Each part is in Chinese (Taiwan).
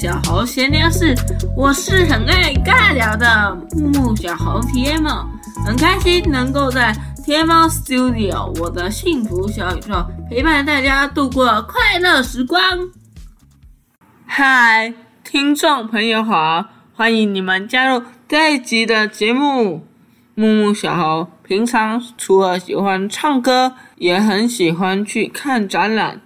小猴閒聊室，我是很愛尬聊的沐沐小猴 T.M，很開心能夠在天貓 Studio 我的幸福小宇宙陪伴大家度過快樂時光。嗨，聽眾朋友好，歡迎你們加入這一集的節目。沐沐小猴平常除了喜歡唱歌，也很喜歡去看展覽。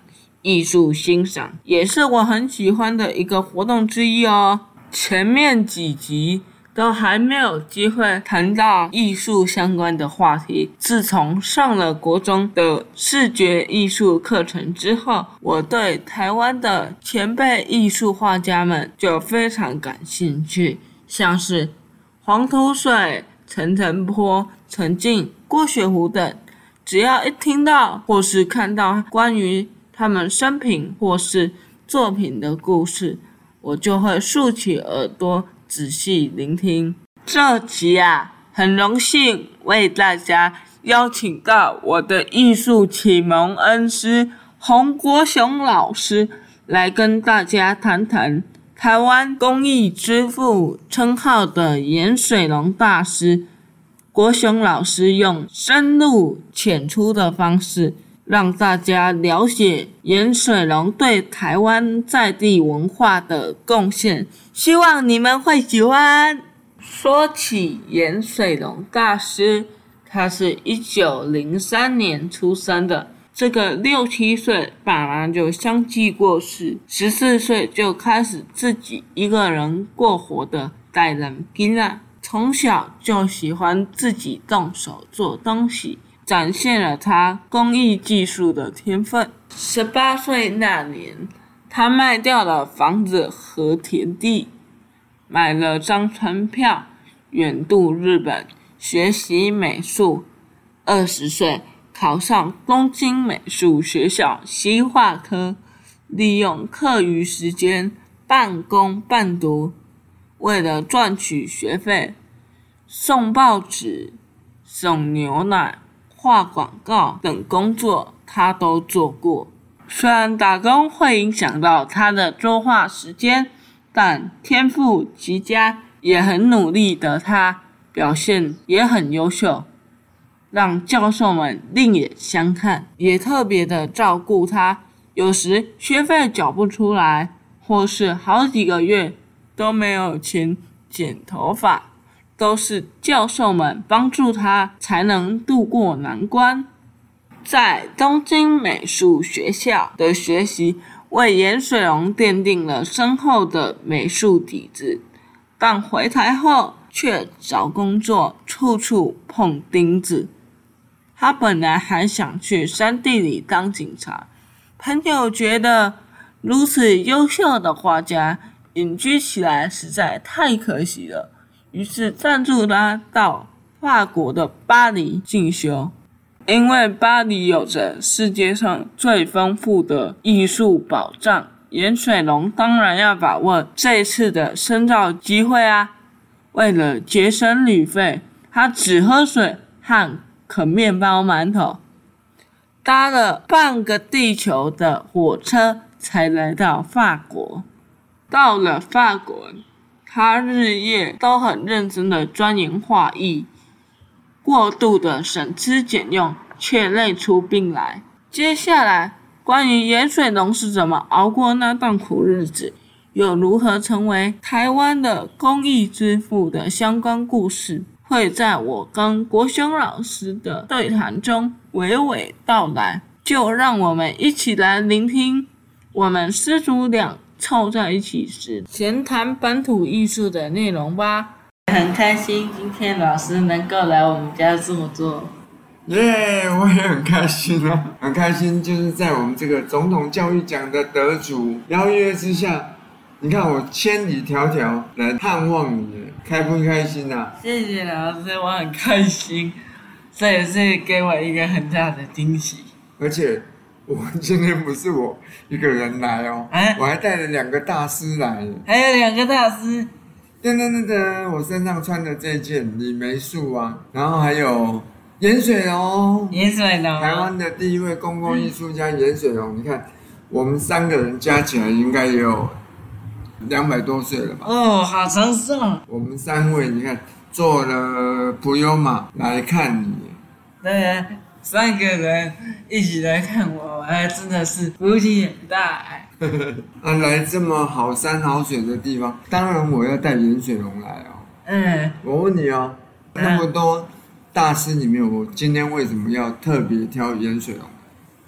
藝術欣賞也是我很喜歡的一個活動之一哦。前面幾集都還沒有機會談到藝術相關的話題。自從上了國中的視覺藝術課程之後，我對台灣的前輩藝術畫家們就非常感興趣，像是黃土水、陳澄波、陳進、郭雪湖等。只要一聽到或是看到關於他們生平或是作品的故事，我就會豎起耳朵仔細聆聽。這集啊，很榮幸為大家邀請到我的藝術啟蒙恩師洪國雄老師，來跟大家談談台灣工藝之父稱號的顏水龍大師。國雄老師用深入淺出的方式。讓大家了解顏水龍對台灣在地文化的貢獻，希望你們會喜歡。說起顏水龍大師，他是一九零三年出生的，這個六七歲，爸媽，媽就相繼過世，十四歲就開始自己一個人過活的，戴南濱啊，從小就喜歡自己動手做東西。展現了他工藝技術的天分。十八歲那年，他賣掉了房子和田地，買了張船票，遠渡日本學習美術。二十歲考上東京美術學校西畫科，利用課餘時間半工半讀，為了賺取學費，送報紙，送牛奶。畫廣告等工作，他都做過。雖然打工會影響到他的作畫時間，但天賦極佳、也很努力的他，表現也很優秀，讓教授們另眼相看，也特別的照顧他，有時學費繳不出來，或是好幾個月都沒有錢剪頭髮。都是教授們幫助他才能度過難關。在東京美術學校的學習為顏水龍奠定了深厚的美術底子，但回台後卻找工作處處碰釘子。他本來還想去山地裡當警察，朋友覺得如此優秀的畫家隱居起來實在太可惜了。於是贊助他到法國的巴黎進修，因為巴黎有着世界上最豐富的藝術寶藏，顏水龍當然要把握這次的深造機會啊！為了節省旅費，他只喝水和啃面包饅頭，搭了半個地球的火車才來到法國。到了法國。他日夜都很認真地鑽研畫藝，過度的省吃儉用，卻累出病來。接下來，關於顏水龍是怎麼熬過那段苦日子，又如何成為台灣的工藝之父的相關故事，會在我跟國雄老師的對談中娓娓道來。就讓我們一起來聆聽，我們師徒倆。湊在一起時閒談本土藝術的內容吧。很開心，今天老師能夠來我們家這麼做。耶、yeah，我也很開心啊，很開心，就是在我們這個總統教育獎的得主邀約之下，你看我千里迢迢來探望你，開不開心啊？謝謝老師，我很開心，這也是給我一個很大的驚喜，而且。我今天不是我一個人來哦、喔，哎、啊，我還帶了兩個大師來，還有兩個大師。噔噔噔噔，我身上穿的這件李梅樹啊。然後還有顏水龍、喔，顏水龍，台灣的第一位公共藝術家顏、嗯、水龍、喔。你看，我們三個人加起來應該也有兩百多歲了吧？哦，好長壽。我們三位，你看坐了普悠瑪來看你，對、啊。三個人一起來看我，哎，真的是福氣也大哎、欸！ 啊，來這麼好山好水的地方，當然我要帶顏水龍來哦、喔。嗯，我問你哦、喔，那麼多大師裡面，我今天為什麼要特別挑顏水龍？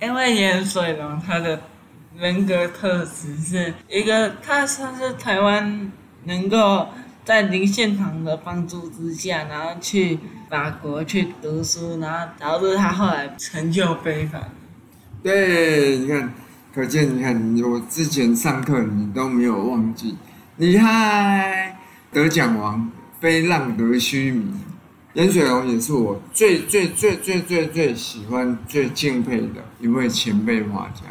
因為顏水龍他的人格特質是一個，他算是台灣能夠。在您現場的幫助之下，然後去法國去讀書，然後導致他後來成就非凡。對，你看，可見你看你，我之前上課你都沒有忘記，厲害，得獎王，非浪得虛名。嚴水龍也是我最、最最最最最最喜歡、最敬佩的一位前輩畫家。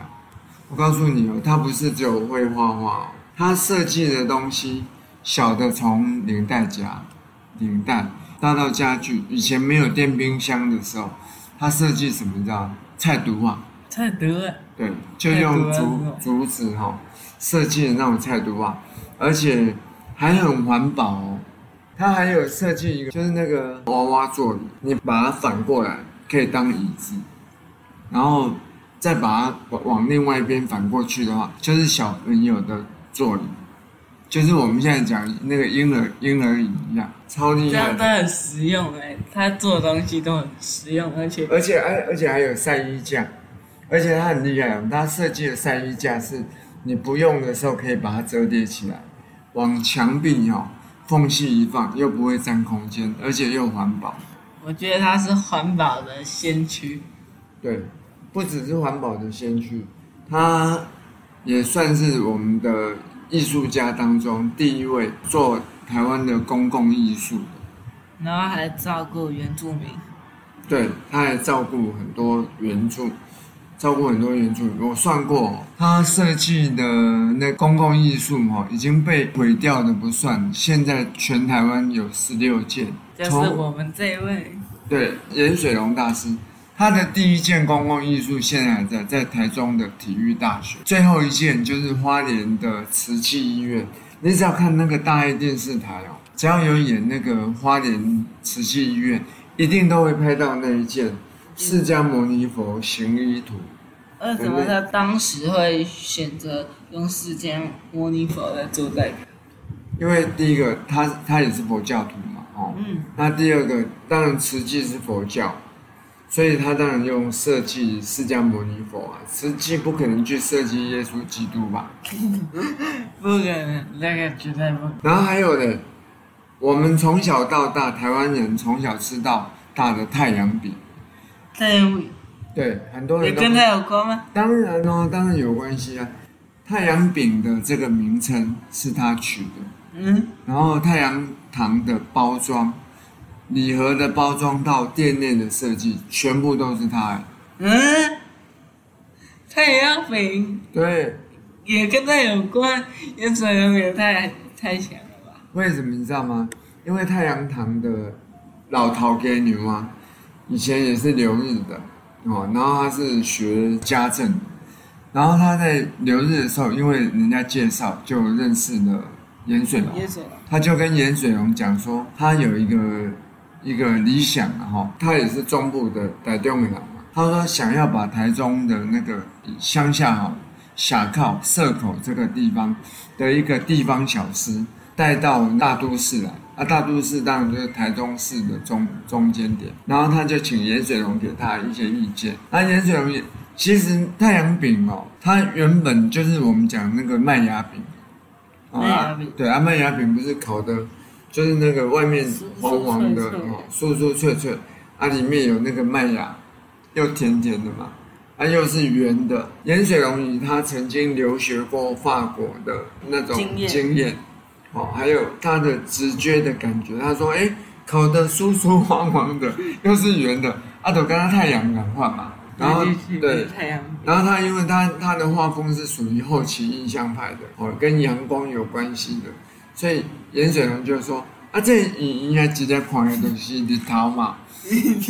我告訴你哦，他不是只有會畫畫，他設計的東西。小的從領帶夾、領帶，大到家具。以前沒有電冰箱的時候，他設計什麼叫菜櫥啊，菜櫥菜，對，就用竹、啊、竹子哈、哦、設計的那種菜櫥啊，而且還很環保哦。他還有設計一個，就是那個娃娃座椅，你把它反過來可以當椅子，然後再把它往另外一邊反過去的話，就是小朋友的座椅。就是我們現在講那個嬰兒嬰兒椅一樣，超厲害。這樣它很實用哎、欸，它做的東西都很實用，而且而且而且還有曬衣架，而且它很厲害哦，它設計的曬衣架是你不用的時候可以把它折疊起來，往牆壁哦縫隙一放，又不會佔空間，而且又環保。我覺得它是環保的先驅。對，不只是環保的先驅，它也算是我們的。藝術家當中第一位做台灣的公共藝術，然後還照顧原住民，對，他還照顧很多原住，照顧很多原住民。我算過，他設計的那公共藝術嘛，已經被毀掉的不算，現在全台灣有十六件，從，就是我們這一位，對，顏水龍大師。他的第一件公共藝術現在還在在台中的體育大學。最後一件就是花蓮的慈濟醫院。你只要看那個大愛電視台哦，只要有演那個花蓮慈濟醫院，一定都會拍到那一件釋迦牟尼佛行醫圖。為什麼他當時會選擇用釋迦牟尼佛來做代表？因為第一個，他他也是佛教徒嘛，哦，嗯。那第二個，當然慈濟是佛教。所以他當然用設計釋迦牟尼佛啊，實際不可能去設計耶穌基督吧？ 不可能，那個絕對不可能。然後還有呢，我們從小到大，台灣人從小吃到大的太陽餅。太陽餅？對，很多人都。你跟他有關嗎？當然哦，當然有關係啊。太陽餅的這個名稱是他取的，嗯，然後太陽糖的包裝。禮盒的包裝到店內的設計，全部都是他。嗯，太陽餅對，也跟他有關。顏水龍也太太強了吧？為什麼你知道嗎？因為太陽堂的老陶爹女嗎？以前也是留日的哦，然後他是學家政，然後他在留日的時候，因為人家介紹，就認識了顏水龍。顏水龍，他就跟顏水龍講說，他有一個。一個理想哈、哦，他也是中部的代表人嘛。他說想要把台中的那個鄉下哈，下靠社口這個地方的一個地方小吃帶到大都市來。那、啊、大都市當然就是台中市的中中間點。然後他就請顏水龍給他一些意見。那、啊、顏水龍也其實太陽餅哦，它原本就是我們講那個麥芽餅。麥芽、啊、對，啊麥芽餅不是烤的。就是那個外面黃黃的、嗯、素素脆脆哦，酥酥脆脆，啊，裡面有那個麥芽，又甜甜的嘛，啊，又是圓的。顏水龍以，他曾經留學過法國的那種經驗，哦，還有他的直覺的感覺。他說：“誒、欸、烤的酥酥黃黃的， 又是圓的。”啊，就跟他太陽一樣嘛，然後對太陽、就是，然後他因為他他的畫風是屬於後期印象派的哦，跟陽光有關係的，所以。顏水龍就說：“啊，這應、個、該直得狂聯的東西，日頭嘛，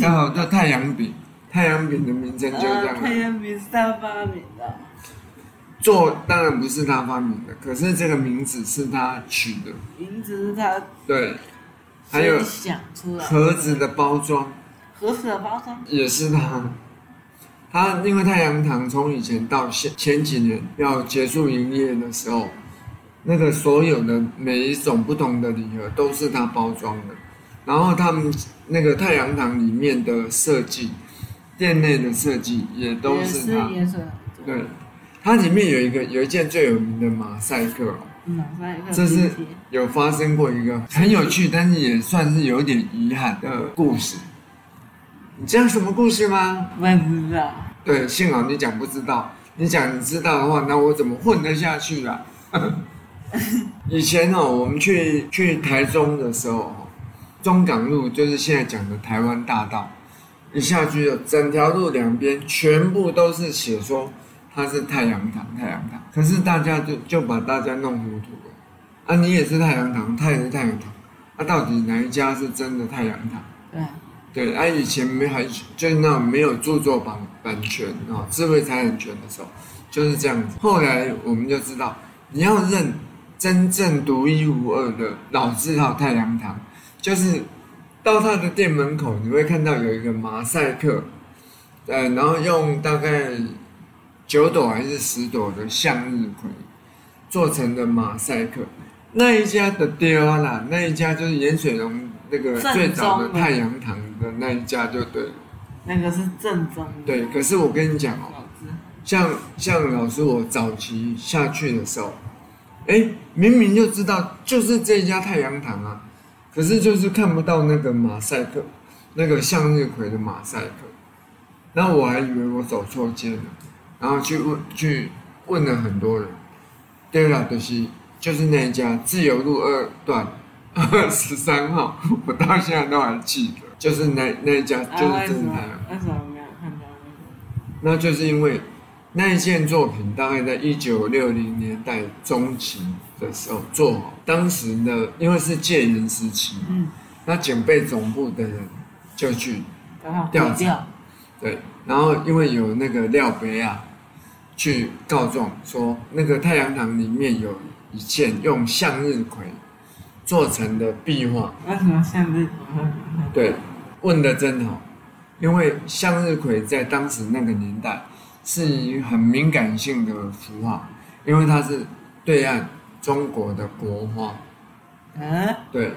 然後叫太陽餅。太陽餅的名稱就這樣。呃”太陽餅是他發明的。做當然不是他發明的，可是這個名字是他取的。名字是他。對。還有盒子的包裝。盒子的包裝也是他。他因為太陽堂從以前到現，前幾年要結束營業的時候。那個所有的每一種不同的禮盒都是他包裝的，然後他們那個太陽堂裡面的設計，店內的設計也都是他。對，它裡面有一個有一件最有名的馬賽克。馬賽克，這是有發生過一個很有趣，但是也算是有點遺憾的故事。你知道什麼故事嗎？我不知道。對，幸好你講不知道。你講你知道的話，那我怎麼混得下去啊？以前哦，我們去去台中的時候，中港路就是現在講的台灣大道，一下去就整條路兩邊全部都是寫說它是太陽堂，太陽堂。可是大家就就把大家弄糊塗了，啊，你也是太陽堂，他也是太陽堂，那、啊、到底哪一家是真的太陽堂？對，對、啊，以前沒還就是那種沒有著作版版權哦，智慧財產權的時候就是這樣子。後來我們就知道你要認。真正獨一無二的老字號太陽堂，就是到他的店門口，你會看到有一個馬賽克，呃，然後用大概九朵還是十朵的向日葵做成的馬賽克。那一家的丟啦，那一家就是顏水龍那個最早的太陽堂的那一家，就對，那個是正宗。對，可是我跟你講哦，像像老師我早期下去的時候。哎，明明就知道就是這家太陽堂啊，可是就是看不到那個馬賽克，那個向日葵的馬賽克。那我還以為我走錯街了，然後去問去問了很多人，對了，就是就是那一家自由路二段二十三號，我到現在都還記得，就是那那一家就是正常啊。為什麼，為什麼沒有看到那個？那就是因為。那一件作品大概在一九六零年代中期的時候做好，當時呢，因為是戒嚴時期，嗯，那警備總部的人就去調查、嗯、掉，對，然後因為有那個廖別亞去告狀說那個太陽堂裡面有一件用向日葵做成的壁畫，為什麼向日葵？對，問得真好，因為向日葵在當時那個年代。是一個很敏感性的符號，因為它是對岸中國的國花。嗯、啊，對。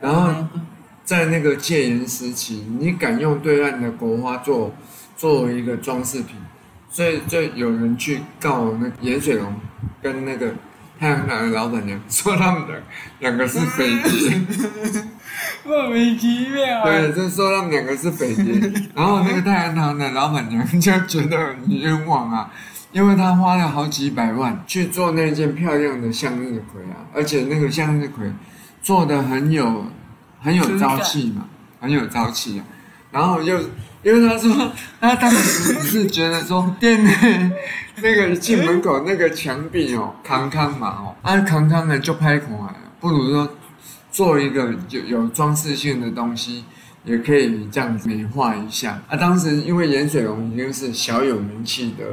然後在那個戒嚴時期，你敢用對岸的國花做作為一個裝飾品，所以就有人去告那顏水龍跟那個太陽堂的老板娘，說他們兩,兩個是匪諜。嗯 莫名其妙啊！對，就說他們兩個是匪諜， 然後那個太陽堂的老闆娘就覺得很冤枉啊，因為他花了好幾百萬去做那件漂亮的向日葵啊，而且那個向日葵做的很有很有朝氣嘛，很有朝氣啊。然後又因為他說他、 啊、當時是覺得說，店內 那個一進門口那個牆壁哦，空空嘛哦，啊空空的足歹看的，不如說。做一個就有裝飾性的東西，也可以這樣子美化一下啊！當時因為顏水龍已經是小有名氣的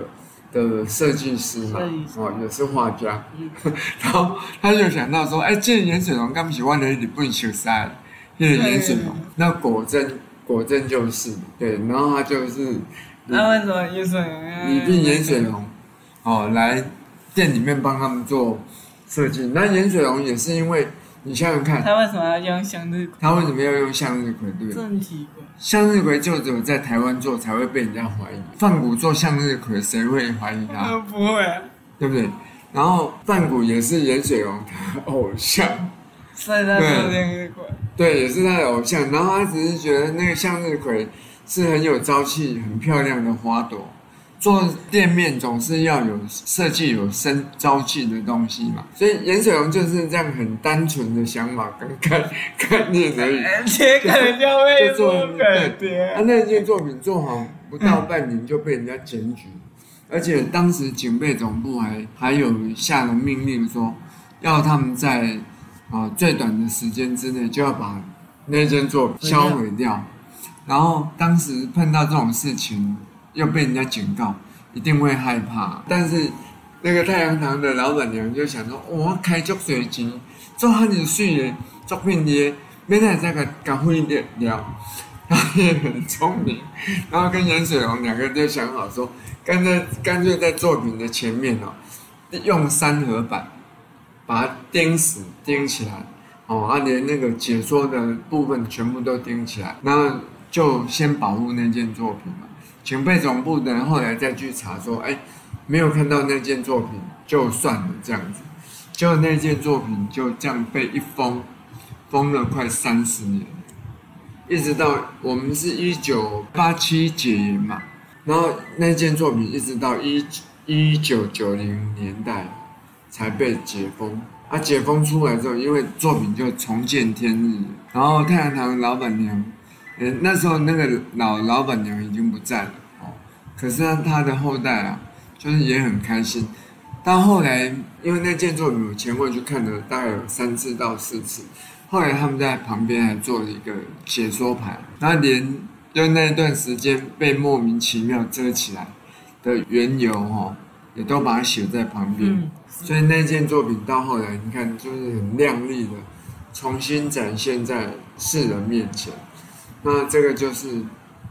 的設計師嘛，哦，也是畫家，嗯、 然後他就想到說：“哎、欸，既然顏水龍那麼喜歡的日本羞澀，既然顏水龍，那果真果真就是對。”然後他就是，那為什麼顏水龍？日本顏水龍，哦，來店裡面幫他們做設計。那顏水龍也是因為。你想想看，他為什麼要用向日葵？他為什麼要用向日葵？對不對？真奇怪。向日葵就只有在台灣做才會被人家懷疑。梵谷做向日葵，誰會懷疑他？不會、啊，對不對？然後梵谷也是顏水龍的偶像，嗯、所以他做向日葵對。對，也是他的偶像。然後他只是覺得那個向日葵是很有朝氣、很漂亮的花朵。做店面總是要有設計有生朝氣的東西嘛，所以顏水龍就是這樣很單純的想法跟概概念而已。而且可能就會有差，他那件作品做好不到半年就被人家檢舉。嗯，而且當時警備總部還還有下了命令說，要他們在啊、呃、最短的時間之內就要把那件作品銷毀掉。然後當時碰到這種事情，要被人家警告，一定會害怕。但是那個太陽堂的老板娘就想說：“ 哦、我開膠水機，做漢紙睡蓮，做冰雕，沒在那個高慧蓮，他也很聰明。然後跟顏水龍兩個人就想好說，乾脆乾脆在作品的前面哦，用三合板把它釘死、釘起來哦，後、啊、連那個解說的部分全部都釘起來，那就先保護那件作品嘛。”前輩總部的人後來再去查說，哎，沒有看到那件作品就算了，這樣子，就那件作品就這樣被一封，封了快三十年，一直到我們是一九八七解嚴嘛，然後那件作品一直到一一九九零年代才被解封，啊，解封出來之後，因為作品就重見天日，然後太陽堂老板娘，欸、那時候那個老老闆娘已經不在了，哦、可是、啊、他的後代啊，就是也很開心。到後來，因為那件作品，我前過去看了大概有三次到四次。後來他們在旁邊還做了一個解說牌，那連就那段時間被莫名其妙遮起來的緣由哦，也都把它寫在旁邊，嗯。所以那件作品到後來，你看就是很亮麗的，重新展現在世人面前。那這個就是，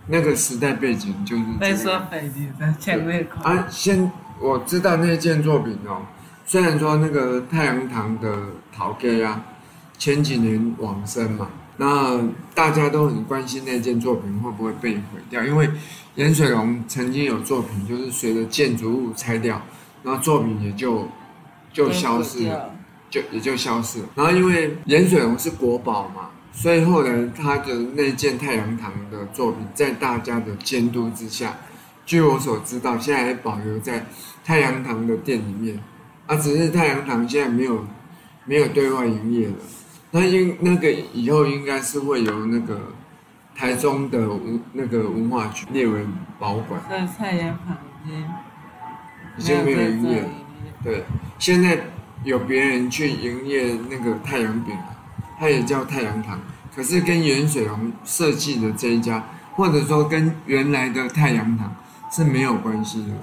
那個時代背景就是，這個。背景，啊，先我知道那件作品哦。雖然說那個太陽堂的陶蓋啊，前幾年往生嘛，那大家都很關心那件作品會不會被毀掉，因為顏水龍曾經有作品就是隨着建築物拆掉，那作品也就就消失了，就，就也就消失了。然後因為顏水龍是國寶嘛。所以後來他的那件太陽堂的作品，在大家的監督之下，據我所知道，現在還保留在太陽堂的店裡面。啊，只是太陽堂現在沒有沒有對外營業了。那應那個以後應該是會由那個台中的文那個文化局列為保管。在太陽旁邊，已經沒有營業了。對，現在有別人去營業那個太陽餅了。它也叫太陽堂，可是跟顏水龍設計的這一家，或者說跟原來的太陽堂是沒有關係的，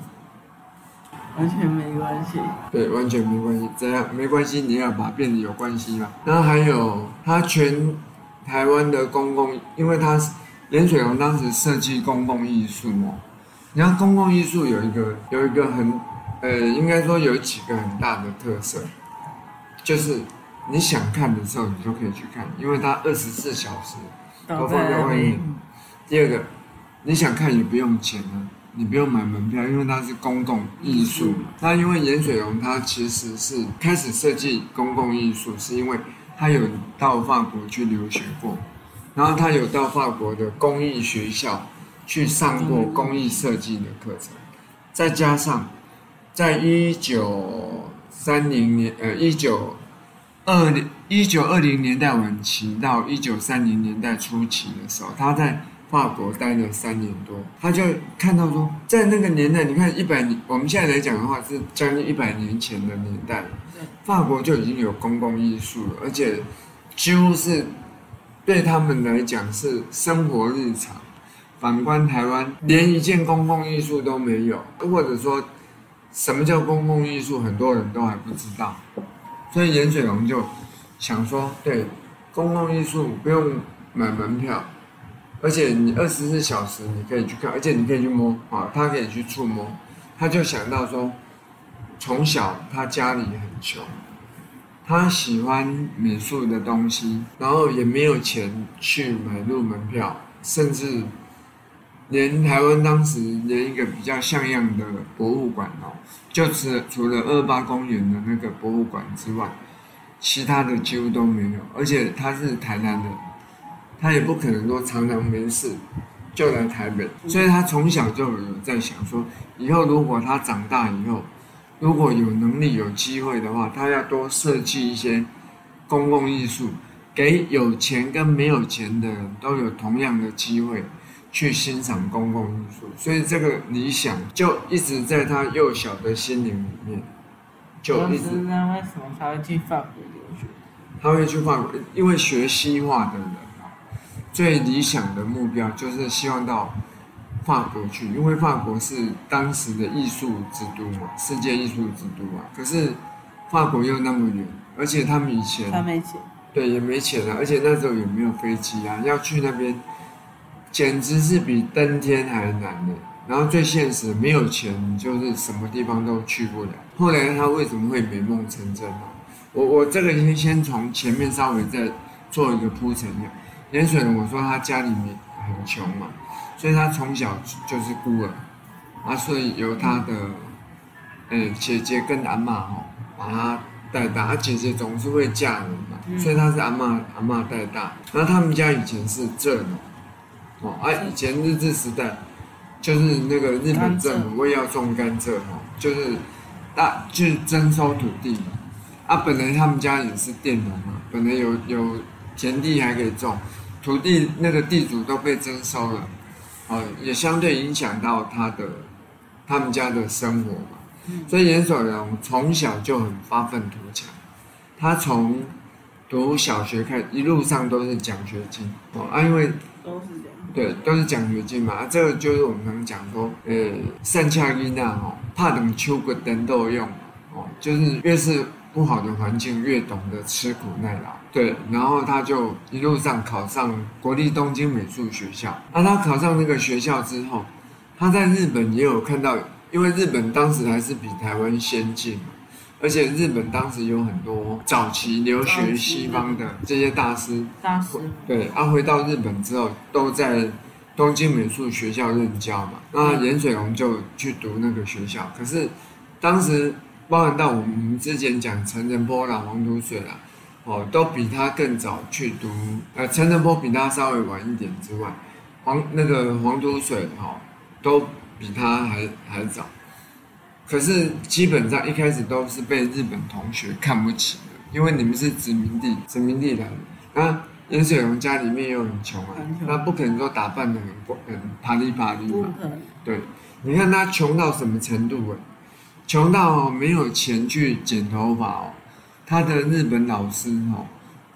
完全沒關係。對，完全沒關係。這樣沒關係？你要把變得有關係嘛。然後還有，它全台灣的公共，因為它是顏水龍當時設計公共藝術嘛。然後公共藝術有一個有一個很，呃，應該說有幾個很大的特色，就是。你想看的時候，你就可以去看，因為它二十四小時都放在外面，嗯。第二個，你想看也不用錢啊，你不用買門票，因為它是公共藝術嘛。那、嗯、因為顏水龍，他其實是開始設計公共藝術，是因為他有到法國去留學過，然後他有到法國的工藝學校去上過工藝設計的課程，嗯、再加上在一九三零年，呃，一九。二零一九二零年代晚期到一九三零年代初期的時候，他在法國待了三年多，他就看到說，在那個年代，你看一百年，我們現在來講的話是將近一百年前的年代了，法國就已經有公共藝術了，而且幾乎是對他們來講是生活日常。反觀台灣，連一件公共藝術都沒有，或者說什麼叫公共藝術，很多人都還不知道。所以顏水龍就想說，對，公共藝術不用買門票，而且你二十四小時你可以去看，而且你可以去摸啊，他可以去觸摸，他就想到說，從小他家裡很窮，他喜歡美術的東西，然後也沒有錢去買入門票，甚至。連台灣當時連一個比較像樣的博物館哦，就是除了二八公園的那個博物館之外，其他的幾乎都沒有。而且他是台南的，他也不可能說常常沒事就來台北，所以他從小就有在想說，以後如果他長大以後，如果有能力有機會的話，他要多設計一些公共藝術，給有錢跟沒有錢的人都有同樣的機會。去欣賞公共藝術，所以這個理想就一直在他幼小的心靈裡面，就一直。那為什麼他會去法國留學？他會去法國，因為學西畫的人最理想的目標就是希望到法國去，因為法國是當時的藝術之都嘛，世界藝術之都嘛。可是法國又那麼遠，而且他們以前，他沒錢，對，也沒錢啊，而且那時候也沒有飛機啊，要去那邊。簡直是比登天還難呢。然後最現實，沒有錢，就是什麼地方都去不了。後來他為什麼會美夢成真呢？我我這個先先從前面稍微再做一個鋪陳。連水，我說他家裡面很窮嘛，所以他從小就是孤兒。啊，所以由他的、欸、姐姐跟阿嬤吼把他帶大。他姐姐總是會嫁人嘛，嗯、所以他是阿嬤阿嬤帶大。然後他們家以前是這種哦，啊，以前日治時代，就是那個日本政府要種甘蔗，哈，就是大就是徵收土地嘛，啊，本來他們家也是佃農嘛，本來有有田地還可以種，土地那個地主都被徵收了，啊、哦，也相對影響到他的他們家的生活嘛，嗯、所以顏水龍從小就很發憤圖強，他從讀小學開始一路上都是獎學金，哦，啊，因為都是。對，都是獎學金嘛、啊，這個就是我們講說，呃，善槍一娜哦，怕等秋個等都用，哦，就是越是不好的環境，越懂得吃苦耐勞。對，然後他就一路上考上國立東京美術學校。那、啊、他考上那個學校之後，他在日本也有看到，因為日本當時還是比台灣先進。而且日本當時有很多早期留學西方的這些大師，大師對，他、啊、回到日本之後都在東京美術學校任教嘛。嗯、那顏水龍就去讀那個學校。可是當時、嗯、包含到我們之前講陳澄波啦、黃土水啦，哦，都比他更早去讀。呃，陳澄波比他稍微晚一點之外，黃那個黃土水哈、哦，都比他還還早。可是基本上一開始都是被日本同學看不起的，因為你們是殖民地，殖民地來的。那顏水龍家裡面又很窮啊很，那不可能說打扮得很光、很啪哩啪哩嘛。對，你看他窮到什麼程度啊、欸？窮到沒有錢去剪頭髮哦、喔。他的日本老師哦、喔，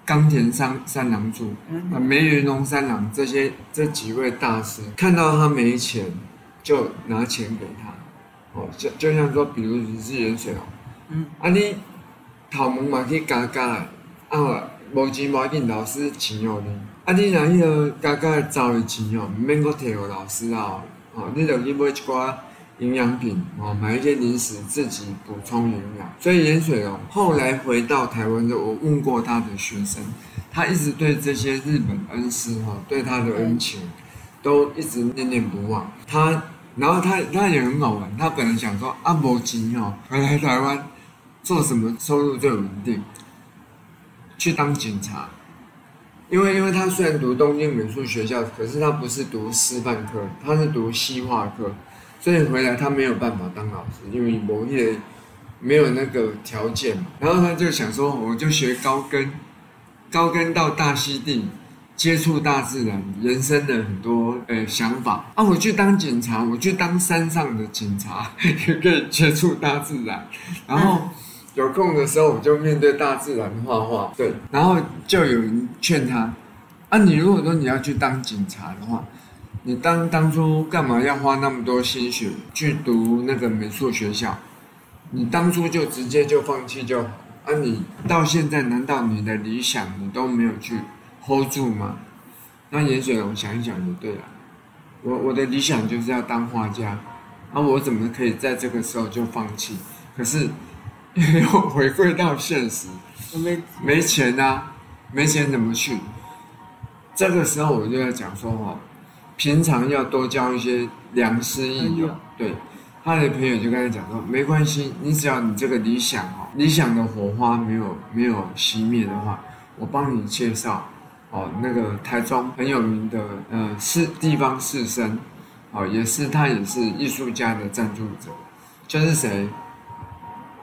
岡田三三郎助、住嗯、梅原龍三郎這些這幾位大師看到他沒錢，就拿錢給他。哦，就就像說，比如你是顏水龍哦，嗯，啊你頭毛嘛去加加，啊，無錢買給老師錢哦，你，啊你讓迄個加加找的錢哦，唔免我替給老師啊，哦，你就去買一寡營養品哦，買一些零食自己補充營養。所以顏水龍哦，後來回到臺灣的，就我問過他的學生，他一直對這些日本恩師哦，對他的恩情、嗯，都一直念念不忘。他。然後他他也很好玩，他本來想說按摩機哦，回來台灣做什麼收入最穩定？去當警察，因為因為他雖然讀東京美術學校，可是他不是讀師範科，他是讀西畫科，所以回來他沒有辦法當老師，因為我也、那個、沒有那個條件嘛。然後他就想說，我就學高更，高更到大溪地。接觸大自然，人生的很多呃想法啊，我去當警察，我去當山上的警察也可以接觸大自然。然後，啊，有空的時候，我就面對大自然畫畫。對，然後就有人勸他啊，你如果說你要去當警察的話，你當當初幹嘛要花那麼多心血去讀那個美術學校？你當初就直接就放棄就好啊！你到現在，難道你的理想你都沒有去 hold 住嘛。那顏水龍想一想就對了。我我的理想就是要當畫家，那、啊、我怎麼可以在這個時候就放棄？可是又回歸到現實，因沒，沒錢啊，沒錢怎麼去？這個時候我就在講說哦，平常要多交一些良師益友。對，他的朋友就跟他講說，沒關係，你只要你這個理想哦，理想的火花沒有沒有熄滅的話，我幫你介紹。哦，那個台中很有名的，呃，是地方士紳，哦，也是他也是藝術家的贊助者，就是誰？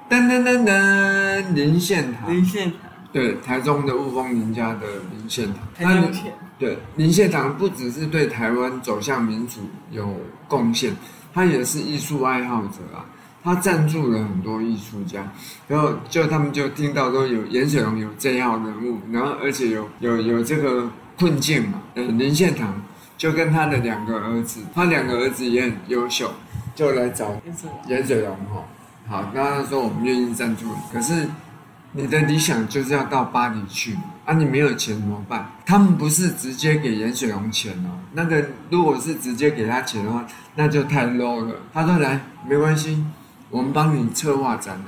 噔噔噔噔，林獻堂。林獻堂。對，台中的霧峰林家的林獻堂。對，林獻堂不只是對台灣走向民主有貢獻，他也是藝術愛好者啊。他贊助了很多藝術家，然後就他們就聽到說有顏水龍有這樣人物，然後而且有有有這個困境嘛。林獻堂就跟他的兩個兒子，他兩個兒子也很優秀，就來找顏水龍哈。好，那他說我們願意贊助你，可是你的理想就是要到巴黎去啊，你沒有錢怎麼辦？他們不是直接給顏水龍錢哦。那個如果是直接給他錢的話，那就太 low 了。他說來，沒關係。我們幫你策劃展覽，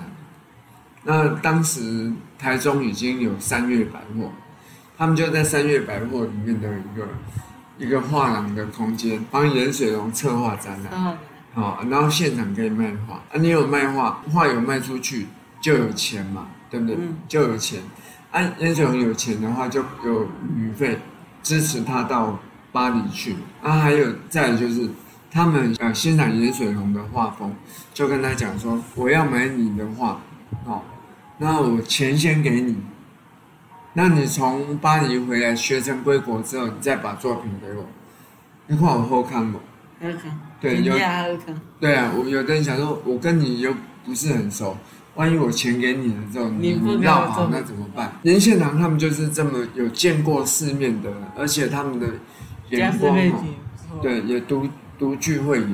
那當時台中已經有三月百貨，他們就在三月百貨裡面的一個一個畫廊的空間，幫顏水龍策劃展覽。哦。好，然後現場可以賣畫啊，你有賣畫，畫有賣出去就有錢嘛，對不對？嗯。就有錢，啊，顏水龍有錢的話就有旅費支持他到巴黎去啊，還有再來就是。他們想、啊、欣賞顏水龍的畫風，就跟他講說：“我要買你的畫，哦。那我錢先給你，那你從巴黎回來學成歸國之後，你再把作品給我。你看我看”你畫我後看嘛？對有對啊，我有的人想說，我跟你又不是很熟，萬一我錢給你了之後，你不給好那怎麼辦？顏水龍他們就是這麼有見過世面的人，而且他們的眼光哦，對，也都。獨具慧眼，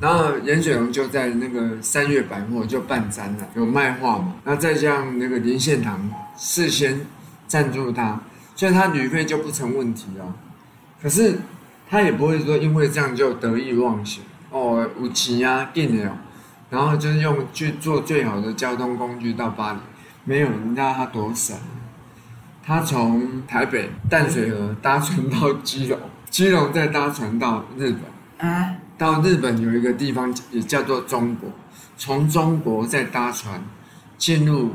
然後顏水龍就在那個三月百貨就辦展了，有賣畫嘛。那再這樣那個林獻堂事先贊助他，所以他旅費就不成問題了。可是他也不會說因為這樣就得意忘形哦，武器啊、電了，然後就是用去做最好的交通工具到巴黎。沒有，你知道他多省？他從台北淡水河搭船到基隆，基隆再搭船到日本。到日本有一個地方也叫做中國，從中國再搭船進入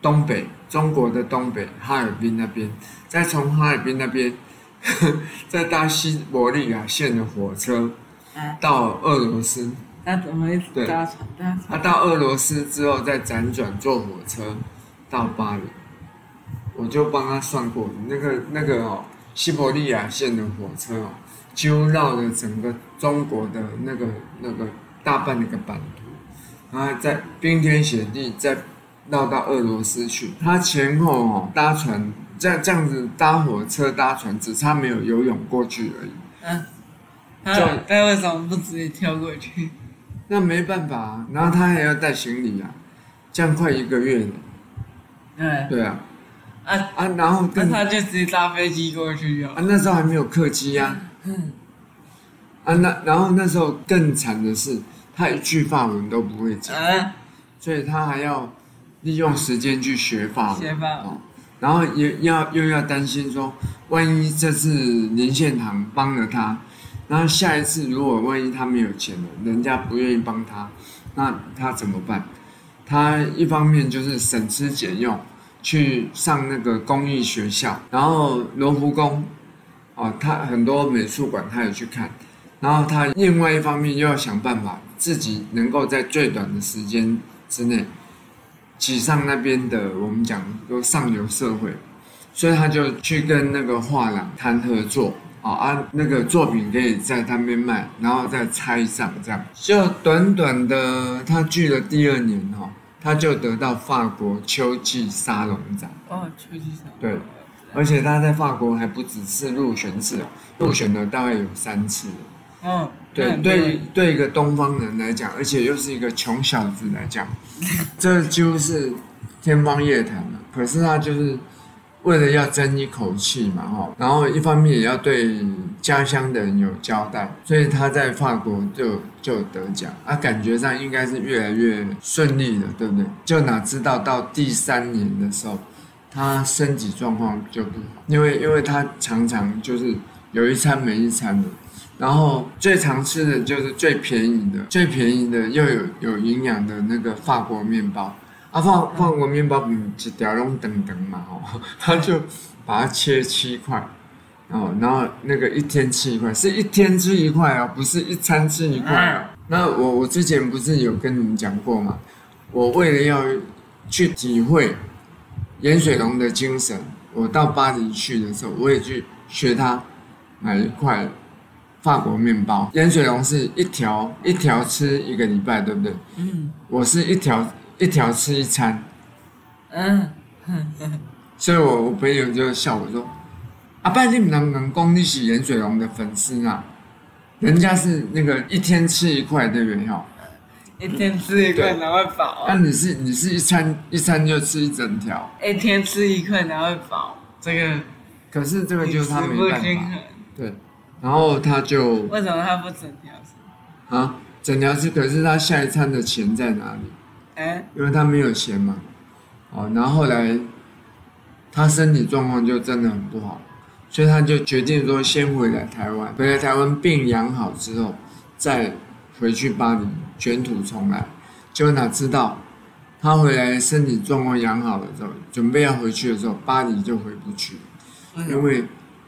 東北，中國的東北哈爾濱那邊，再從哈爾濱那邊呵再搭西伯利亞線的火車，啊，到俄羅斯。他怎麼一直搭船？他他、啊、到俄羅斯之後再輾轉坐火車到巴黎，我就幫他算過那個那個哦，西伯利亞線的火車哦。就繞了整個中國的那個那個大半的一個版圖，然後再冰天雪地，再繞到俄羅斯去。他前後哦搭船，這樣這樣子搭火車搭船，只差沒有游泳過去而已。嗯、啊，那那為什麼不直接跳過去？那沒辦法啊，然後他還要帶行李啊，這樣快一個月呢。對啊，啊啊然後跟他就直接搭飛機過去啊，那時候還沒有客機啊。嗯，啊，那然後那時候更慘的是，他一句法文都不會講，啊、所以他還要利用時間去學法文，嗯、學法文，哦、然後又要又要擔心說，萬一這次林獻堂幫了他，然後下一次如果萬一他沒有錢了，人家不願意幫他，那他怎麼辦？他一方面就是省吃儉用去上那個公益學校，然後羅浮宮。哦，他很多美術館，他也去看，然後他另外一方面又要想辦法自己能夠在最短的時間之內擠上那邊的我們講的上流社會，所以他就去跟那個畫廊談合作，哦、啊，啊那個作品可以在那邊賣，然後再拆上這樣。就短短的他去了第二年哦，他就得到法國秋季沙龍展哦，秋季沙龍對。而且他在法國還不只是入選次，入選了大概有三次了。嗯，對對對，對一個東方人來講，而且又是一個窮小子來講， 這幾乎是天方夜譚了。可是他就是為了要爭一口氣嘛，哈，然後一方面也要對家鄉的人有交代，所以他在法國就就得獎。他、啊、感覺上應該是越來越順利了，對不對？就哪知道到第三年的時候。他身體狀況就不好，因為因為他常常就是有一餐沒一餐的，然後最常吃的就是最便宜的，最便宜的又有有營養的那個法國麵包啊，法法國麵包嗯，只雕龍等等嘛，哦，他就把它切七塊，哦，然後那個一天吃一塊，是一天吃一塊啊，不是一餐吃一塊啊。那我我之前不是有跟你們講過嘛，我為了要去體會。顏水龍的精神，我到巴黎去的時候，我也去學他，買一塊法國麵包。顏水龍是一條一條吃一個禮拜，對不對？嗯。我是一條一條吃一餐。嗯。 所以我我朋友就笑我說：“阿爸你能不能攻擊顏水龍的粉絲啊，人家是那個一天吃一塊，對不對？”好。一天吃一塊、啊，哪會飽？那你是你是一餐一餐就吃一整條？一天吃一塊，哪會飽？這個可是這個就是他沒辦法。不均衡。對，然後他就為什麼他不整條吃啊？整條吃，可是他下一餐的錢在哪裡？哎、欸，因為他沒有錢嘛。哦，然後後來他身體狀況就真的很不好，所以他就決定說先回來台灣，回來台灣病養好之後再回去巴黎。捲土重來，就那哪知道，他回來身體狀況養好了之後，準備要回去的時候，巴黎就回不去了，因為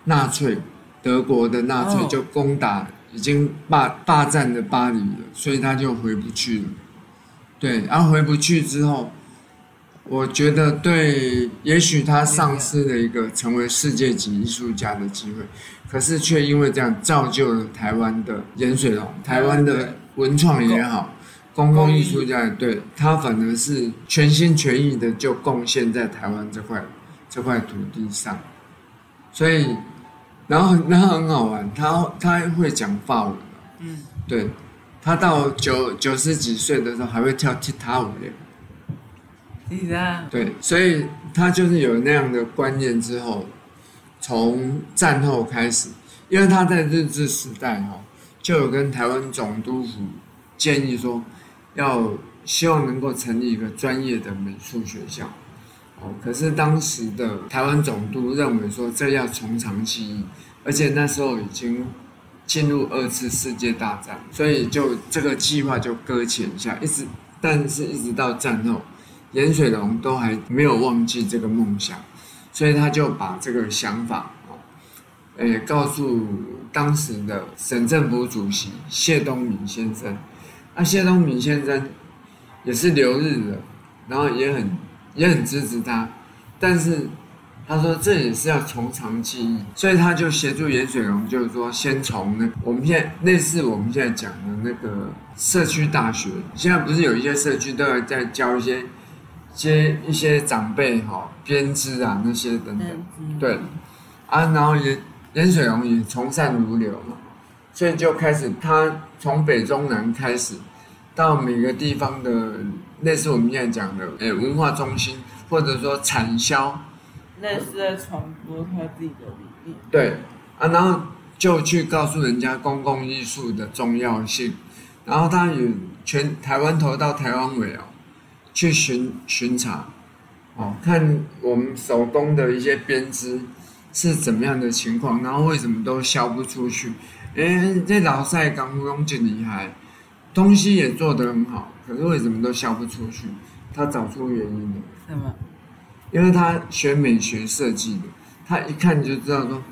納粹、嗯、德國的納粹就攻打、哦、已經霸霸佔的巴黎了，所以他就回不去了。對，後、啊、回不去之後，我覺得對，也許他喪失了一個成為世界級藝術家的機會，可是卻因為這樣造就了台灣的顏水龍，台灣的、嗯。文創也好，公共藝術家也對，他反而是全心全意的就貢獻在台灣這塊這塊土地上，所以，然後那很好玩，他他會講法文，嗯，對，他到九九十幾歲的時候還會跳踢踏舞耶，對，所以他就是有那樣的觀念之後，從戰後開始，因為他在日治時代哈。就有跟台灣總督府建議說，要希望能夠成立一個專業的美術學校，哦，可是當時的台灣總督認為說，這要從長計議，而且那時候已經進入二次世界大戰，所以就這個計劃就擱淺一下，一直但是一直到戰後，顏水龍都還沒有忘記這個夢想，所以他就把這個想法，哦，欸，告訴。當時的省政府主席謝東閔先生，那、啊、謝東閔先生也是留日的，然後也很也很支持他，但是他說這也是要從長計議，所以他就協助顏水龍，就是說先從那個、我們現在類似我們現在講的那個社區大學，現在不是有一些社區都在，在教一些一些一些長輩哈編織啊、那些等等對、嗯，對，啊，然後也。顏水龍也從善如流嘛，所以就開始他從北中南開始，到每個地方的類似我們現在講的誒文化中心，或者說產銷，類似在傳播他自己的理念。對啊，然後就去告訴人家公共藝術的重要性，然後他有全台灣頭到台灣尾哦、喔，去巡巡查、喔，哦看我們手工的一些編織。是怎麼樣的情況？然後為什麼都銷不出去？誒，這老賽工夫整厲害，東西也做得很好，可是為什麼都銷不出去？他找出原因了。什麼？因為他學美學設計的，他一看就知道說，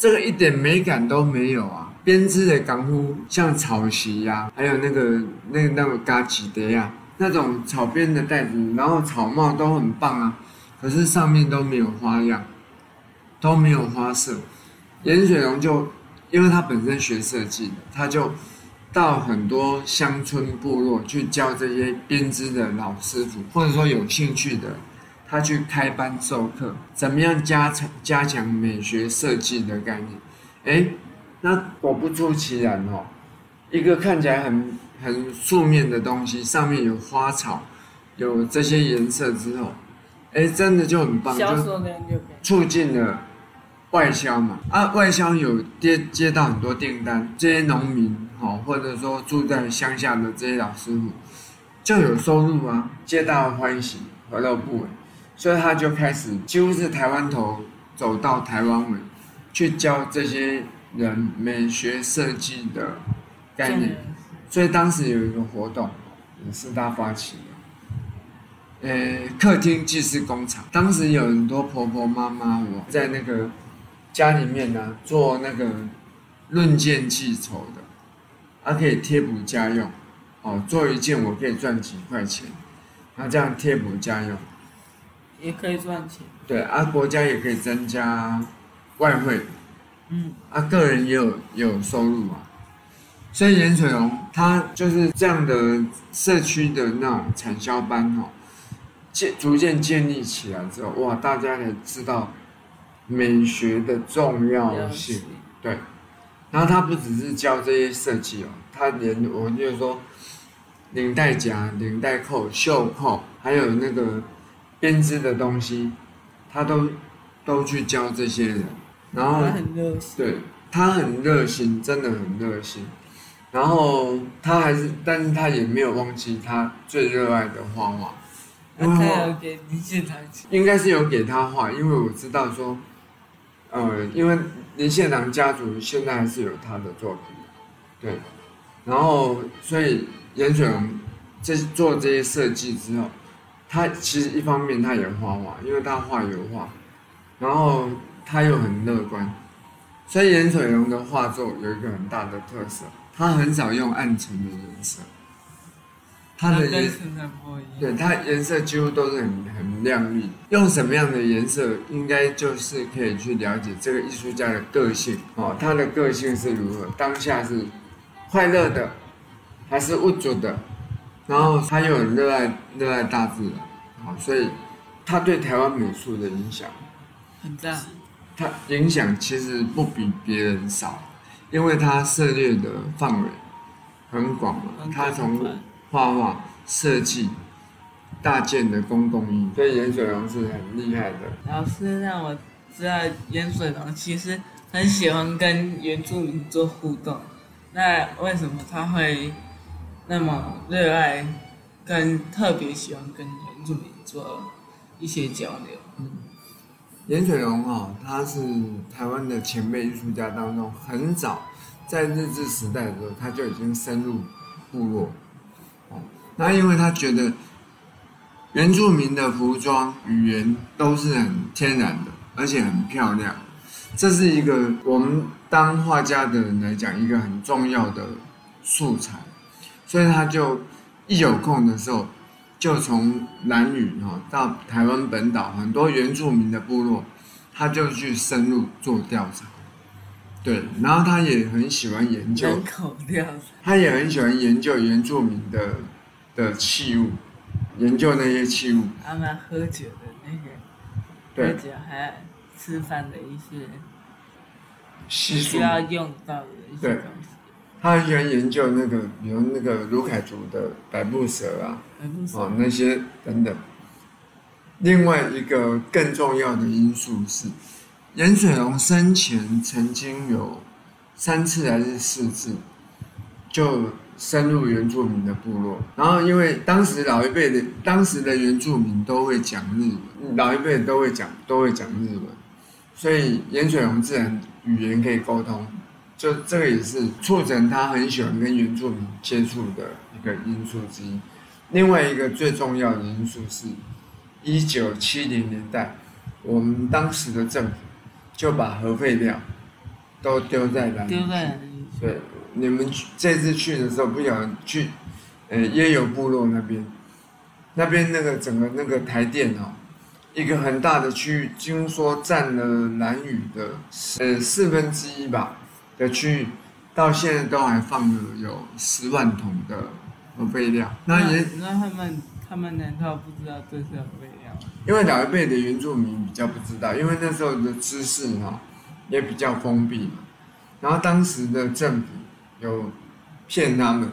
這個一點美感都沒有啊！編織的工夫像草席呀、啊，還有那個那那個茄芷袋呀，那種草編的袋子，然後草帽都很棒啊，可是上面都沒有花樣。都沒有花色，顏水龍就因為他本身學設計的，他就到很多鄉村部落去教這些編織的老師傅，或者說有興趣的，他去開班授課，怎麼樣加強加強美學設計的概念？哎，那果不出其然哦，一個看起來很很素面的東西，上面有花草，有這些顏色之後，哎，真的就很棒，銷售那邊就，就促進了。外銷嘛，啊，外銷有接接到很多訂單，這些農民哈、哦，或者說住在鄉下的這些老師傅，就有收入啊，皆大歡喜，何樂不為？所以他就開始幾乎是台灣頭走到台灣尾，去教這些人美學設計的概念。所以當時有一個活動，也是他發起的，誒，客廳即是工廠。當時有很多婆婆媽媽，我在那個。家裡面呢、啊，做那個論件計酬的，啊，可以貼補家用，哦，做一件我可以賺幾塊錢，那、啊、這樣貼補家用，也可以賺錢。對，啊，國家也可以增加外匯，嗯，啊，個人也有也有收入嘛、啊，所以顏水龍他就是這樣的社區的那種產銷班哦，建逐漸建立起來之後，哇，大家也知道。美學的重要性，對，然後他不只是教這些設計哦，他連我就說，領帶夾、領帶扣、袖扣，還有那個編織的東西，他都都去教這些人。然後他很熱心，對，他很熱心，真的很熱心。然後他還是，但是他也沒有忘記他最熱愛的畫畫。啊，他有給倪志南去？應該是有給他畫，因為我知道說。嗯、呃，因為林獻堂家族現在還是有他的作品，對，然後所以顏水龍在做這些設計之後，他其實一方面他也畫畫，因為他畫油畫，然後他又很樂觀，所以顏水龍的畫作有一個很大的特色，他很少用暗沉的顏色。他的顏色，對，他顏色幾乎都是很很亮麗。用什麼樣的顏色，應該就是可以去了解這個藝術家的個性哦。他的個性是如何？當下是快樂的，還是鬱卒的？然後他又很熱愛熱愛大自然，哦，所以他對台灣美術的影響很大。他影響其實不比別人少，因為他涉獵的範圍很廣嘛，他從畫畫、設計、大件的公共藝術，所以顏水龍是很厲害的。老師讓我知道，顏水龍其實很喜歡跟原住民做互動。那為什麼他會那麼熱愛，跟特別喜歡跟原住民做一些交流？嗯，顏水龍哦，他是台灣的前輩藝術家當中，很早在日治時代的時候，他就已經深入部落。那因為他覺得原住民的服裝、語言都是很天然的，而且很漂亮，這是一個我們當畫家的人來講一個很重要的素材，所以他就一有空的時候，就從蘭嶼到台灣本島很多原住民的部落，他就去深入做調查，對，然後他也很喜歡研究，他也很喜歡研究原住民的，的器物，研究那些器物，他們喝酒的那些、對，喝酒還吃飯的一些習俗要用到的一些東西。他很喜歡研究那個，比如那個魯凱族的百步蛇啊，百步蛇啊、哦哦、那些等等。另外一個更重要的因素是，顏水龍生前曾經有三次還是四次就。深入原住民的部落，然後因為當時老一輩的當時的原住民都會講日文，老一輩都會講都會講日文，所以顏水龍自然語言可以溝通，就這個也是促成他很喜歡跟原住民接觸的一個因素之一。另外一個最重要的因素是，一九七零年代我們當時的政府就把核廢料都丟在南投，對。你們去這次去的時候，不巧去，呃、欸，也有部落那邊，那邊那個整個那個台電哦、喔，一個很大的區域，聽說佔了蘭嶼的呃、欸、四分之一吧的區域，到現在都還放了有十萬桶的核廢料。那也那，那他們他們難道不知道這是核廢料。因為老一輩的原住民比較不知道，因為那時候的知識哈、喔、也比較封閉嘛。然後當時的政府。有騙他們，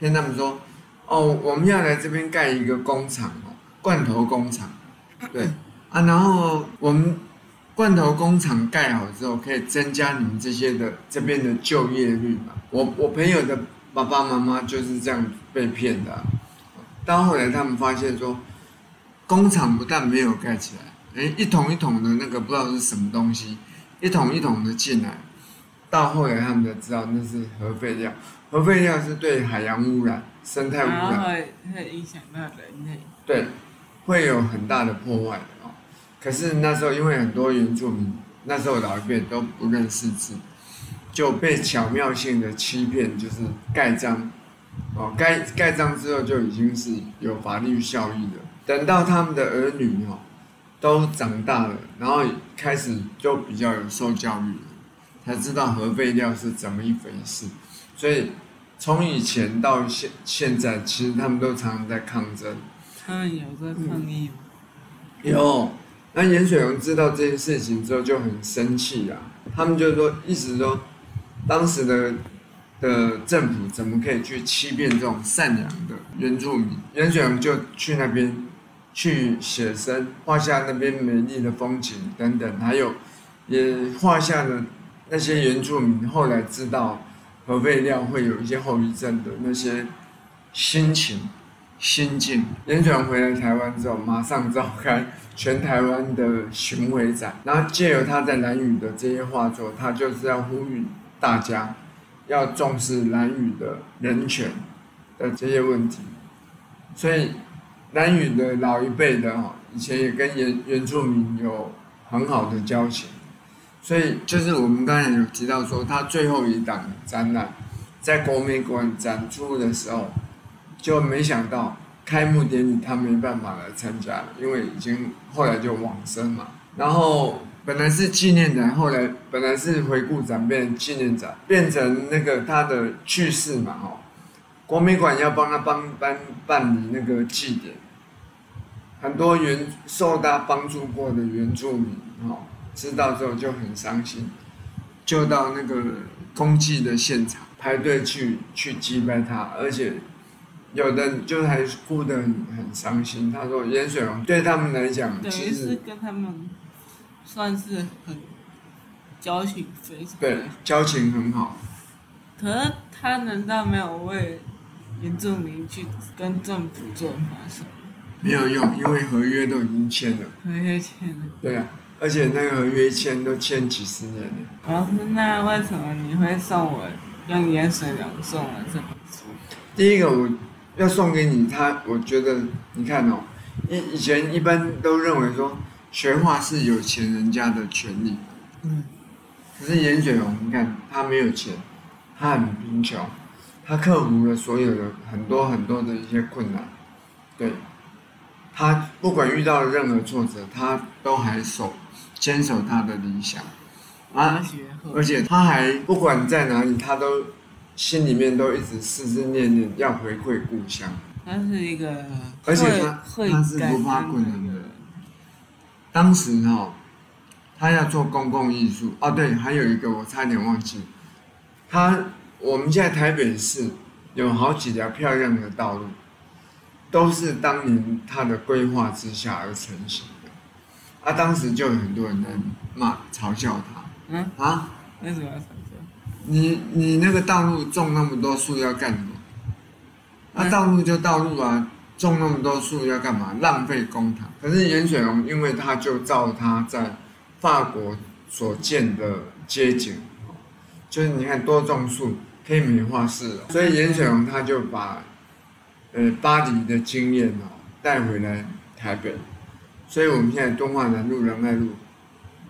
騙他們說，哦，我們要來這邊蓋一個工廠哦，罐頭工廠，對啊，然後我們罐頭工廠蓋好之後，可以增加你們這些的這邊的就業率嘛。我我朋友的爸爸媽媽就是這樣被騙的啊，到後來他們發現說，工廠不但沒有蓋起來，哎，一桶一桶的那個不知道是什麼東西，一桶一桶的進來。到後來，他們才知道那是核廢料。核廢料是對海洋污染、生態污染，然後後來會影響到人類。對，會有很大的破壞，哦，可是那時候，因為很多原住民，那時候老一輩都不認識字，就被巧妙性的欺騙，就是蓋章哦，蓋蓋章之後就已經是有法律效益的。等到他們的兒女哦，都長大了，然後開始就比較有受教育。才知道核廢料是怎麼一回事，所以從以前到現現在，其實他們都常常在抗爭。他們有在抗議嗎？有。那顏水龍知道這件事情之後就很生氣呀，啊，他們就說，意思說，當時的的政府怎麼可以去欺騙這種善良的原住民？顏水龍就去那邊去寫生，畫下那邊美麗的風景等等，還有也畫下了。那些原住民後來知道核廢料會有一些後遺症的那些心情心境，輾轉回來台灣之後，馬上召開全台灣的巡回展，然後借由他在蘭嶼的這些畫作，他就是要呼籲大家要重視蘭嶼的人權的這些問題。所以蘭嶼的老一輩的哦，以前也跟原原住民有很好的交情。所以就是我們剛才有提到說，他最後一檔展覽在國美館展出的時候，就沒想到開幕典禮他沒辦法來參加，因為已經後來就往生嘛。然後本來是紀念展，後來本來是回顧展，變成紀念展，變成那個他的去世嘛。哈、哦，國美館要幫他幫辦辦理那個祭典，很多原受他幫助過的原住民，哈、哦。知道之後就很傷心，就到那個公祭的現場排隊去去祭拜他，而且有的人就還哭得很很傷心。他說：“顏水龍對他們來講，其實是跟他們算是很交情非常。”對，交情很好。可是他難道沒有為嚴正明去跟政府做發聲？沒有用，因為合約都已經簽了。合約簽了。對啊。而且那個合約簽都簽幾十年了。老師，那為什麼你會送我用顏水龍送我這本書？第一個，我要送給你他，我覺得你看哦，以以前一般都認為說學畫是有錢人家的權利。嗯。可是顏水龍，你看他沒有錢，他很貧窮，他克服了所有的很多很多的一些困難。對。他不管遇到任何挫折，他都還守。堅守他的理想，啊、嗯，而且他還不管在哪裡，他都心裡面都一直思思念念要回饋故鄉。他是一個，而且他會他是不怕困難的人的。當時哦，他要做公共藝術哦，啊、對，還有一個我差點忘記，他我們現在台北市有好幾條漂亮的道路，都是當年他的規劃之下而成型，他、啊、當時就有很多人在罵、嘲笑他。嗯啊？為什麼要嘲笑？你你那個道路種那麼多樹要幹什麼？那、嗯啊、道路就道路啊，種那麼多樹要幹嘛？浪費公帑。可是顏水龍因為他就照他在法國所見的街景，就是你看多種樹可以美化市容，所以顏水龍他就把呃巴黎的經驗啊帶回來台北。所以，我們現在敦化南路、仁愛路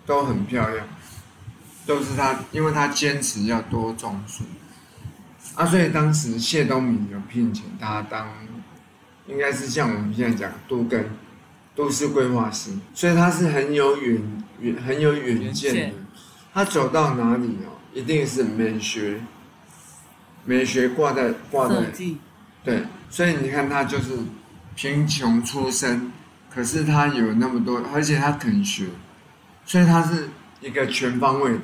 都很漂亮，都是他，因為他堅持要多種樹啊。所以，當時謝東閔有聘請他當，應該是像我們現在講，都跟都市規劃師。所以，他是很有遠遠、很有遠見的。他走到哪裡哦，一定是美學，美學掛在掛在對。所以，你看他就是貧窮出身。可是他有那麼多，而且他肯學，所以他是一個全方位的，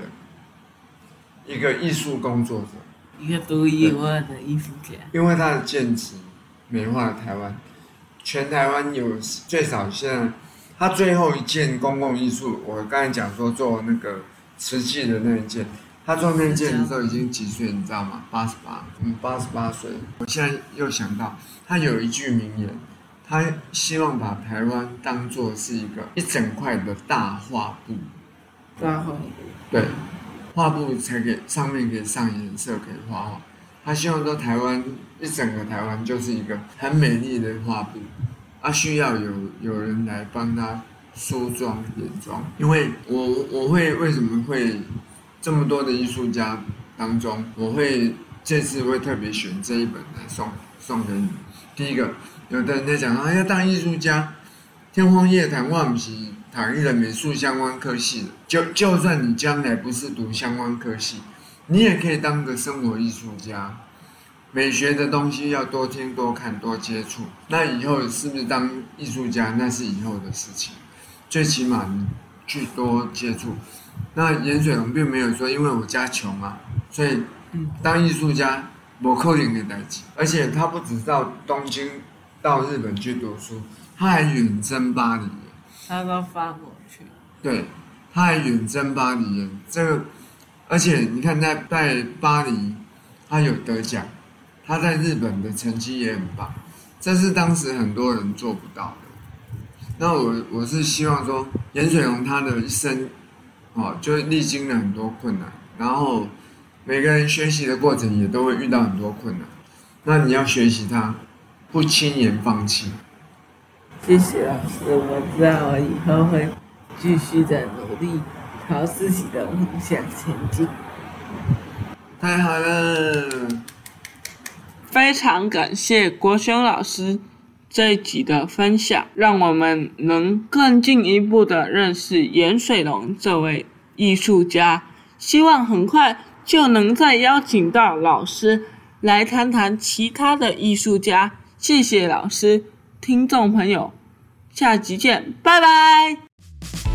一個藝術工作者，一個獨一無二的藝術家。因為他的兼職美化台灣，全台灣有最少現在，他最後一件公共藝術，我剛才講說做那個瓷器的那一件，他做那件的時候已經幾歲？你知道嗎？八十八，嗯，八十八歲。我現在又想到，他有一句名言。他希望把台灣當做是一個一整塊的大畫布，大畫布，對，畫布才可以上面可以上顏色，可以畫畫。他希望說台灣一整個台灣就是一個很美麗的畫布，啊，他需要有有人來幫他梳妝、點妝。因為我我會為什麼會這麼多的藝術家當中，我會這次會特別選這一本來送送給你。第一個。有的人在講啊，要當藝術家，天方夜譚忘記談一讀美術相關科系的，就就算你將來不是讀相關科系，你也可以當個生活藝術家。美學的東西要多聽、多看、多接觸。那以後是不是當藝術家，那是以後的事情。最起碼你去多接觸。那顏水龍並沒有說，因為我家窮啊，所以當藝術家無可能的代誌。而且他不只到東京。到日本去讀書，他還遠征巴黎，他到法國去了。對，他還遠征巴黎人。這個，而且你看在，在在巴黎，他有得獎，他在日本的成績也很棒，這是當時很多人做不到的。那我我是希望說，顏水龍他的一生，哦，就歷經了很多困難，然後每個人學習的過程也都會遇到很多困難，那你要學習他。不輕言放棄。謝謝老師，我知道我以後會繼續的努力，朝自己的夢想前進。太好了！非常感謝國雄老師這一集的分享，讓我們能更進一步的認識顏水龍這位藝術家。希望很快就能再邀請到老師來談談其他的藝術家。謝謝老師，聽眾朋友，下集見，拜拜。